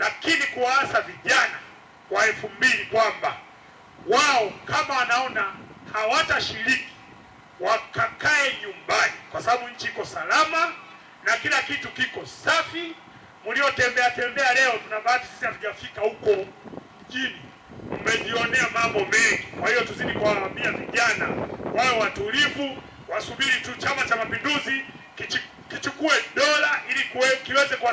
lakini kuwaasa vijana wa elfu mbili kwamba wao kama wanaona hawatashiriki wakakae nyumbani, kwa sababu nchi iko salama na kila kitu kiko safi. Mliotembea tembea leo, tuna bahati sisi hatujafika huko mjini, mmejionea mambo mengi. Kwa hiyo tuzidi kuwaambia vijana wawe watulivu, wasubiri tu Chama cha Mapinduzi kichukue dola ili kiweze kwa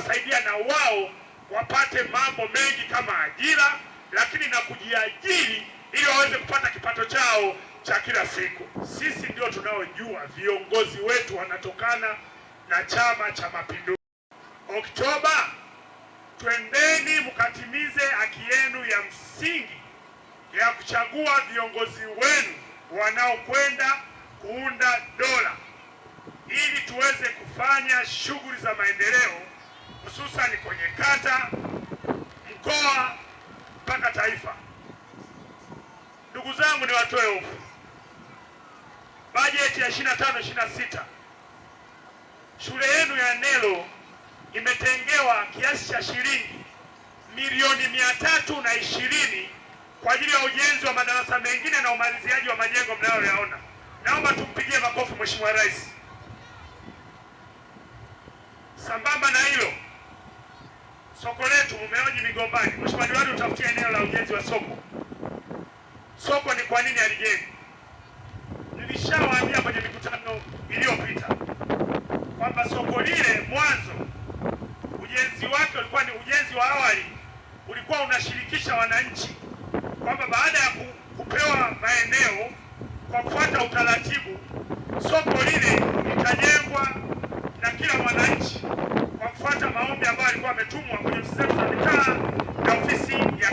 wapate mambo mengi kama ajira, lakini na kujiajiri ili waweze kupata kipato chao cha kila siku. Sisi ndio tunaojua viongozi wetu wanatokana na Chama cha Mapinduzi. Oktoba, twendeni mkatimize haki yenu ya msingi ya kuchagua viongozi wenu wanaokwenda kuunda dola ili tuweze kufanya shughuli za maendeleo hususan kwenye kata, mkoa mpaka taifa. Ndugu zangu, ni watoe hofu, bajeti ya 25 26 shule yenu ya Nelo imetengewa kiasi cha shilingi milioni mia tatu na ishirini kwa ajili ya ujenzi wa madarasa mengine na umaliziaji wa majengo mnayoyaona. Naomba tumpigie makofi Mheshimiwa Rais. Sambamba na hilo, soko letu Umeoji Migombani, mheshimiwa diwani, utafutia eneo la ujenzi wa soko. Soko ni kwa nini alijengi? Nilishawaambia kwenye mikutano iliyopita kwamba soko lile mwanzo ujenzi wake ulikuwa ni ujenzi wa awali, ulikuwa unashirikisha wananchi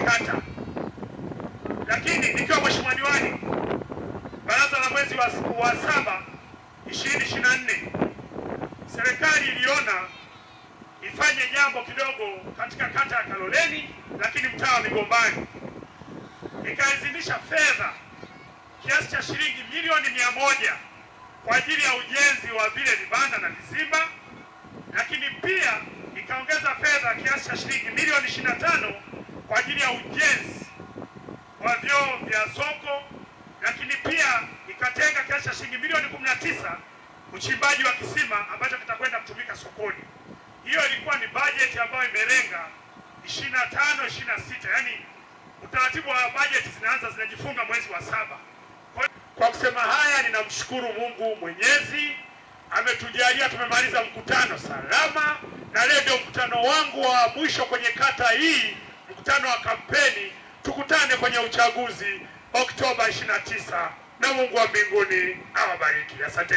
kata. Lakini nikiwa mheshimiwa diwani, baraza la mwezi wa saba 2024 serikali iliona ifanye jambo kidogo katika kata ya Kaloleni, lakini mtaa wa Migombani, ikaizinisha fedha kiasi cha shilingi milioni mia moja kwa ajili ya ujenzi wa vile vibanda na vizimba, lakini pia ikaongeza fedha kiasi cha shilingi milioni ishirini na tano ya ujenzi wa vyoo vya soko, lakini pia ikatenga kiasi cha shilingi milioni kumi na tisa uchimbaji wa kisima ambacho kitakwenda kutumika sokoni. Hiyo ilikuwa ni bajeti ambayo imelenga 25 26, yani utaratibu wa bajeti zinaanza zinajifunga mwezi wa saba. Kwa kusema haya, ninamshukuru Mungu Mwenyezi ametujalia tumemaliza mkutano salama, na leo ndio mkutano wangu wa mwisho kwenye kata hii mkutano wa kampeni, tukutane kwenye uchaguzi Oktoba 29, na Mungu wa mbinguni awabariki. Asante.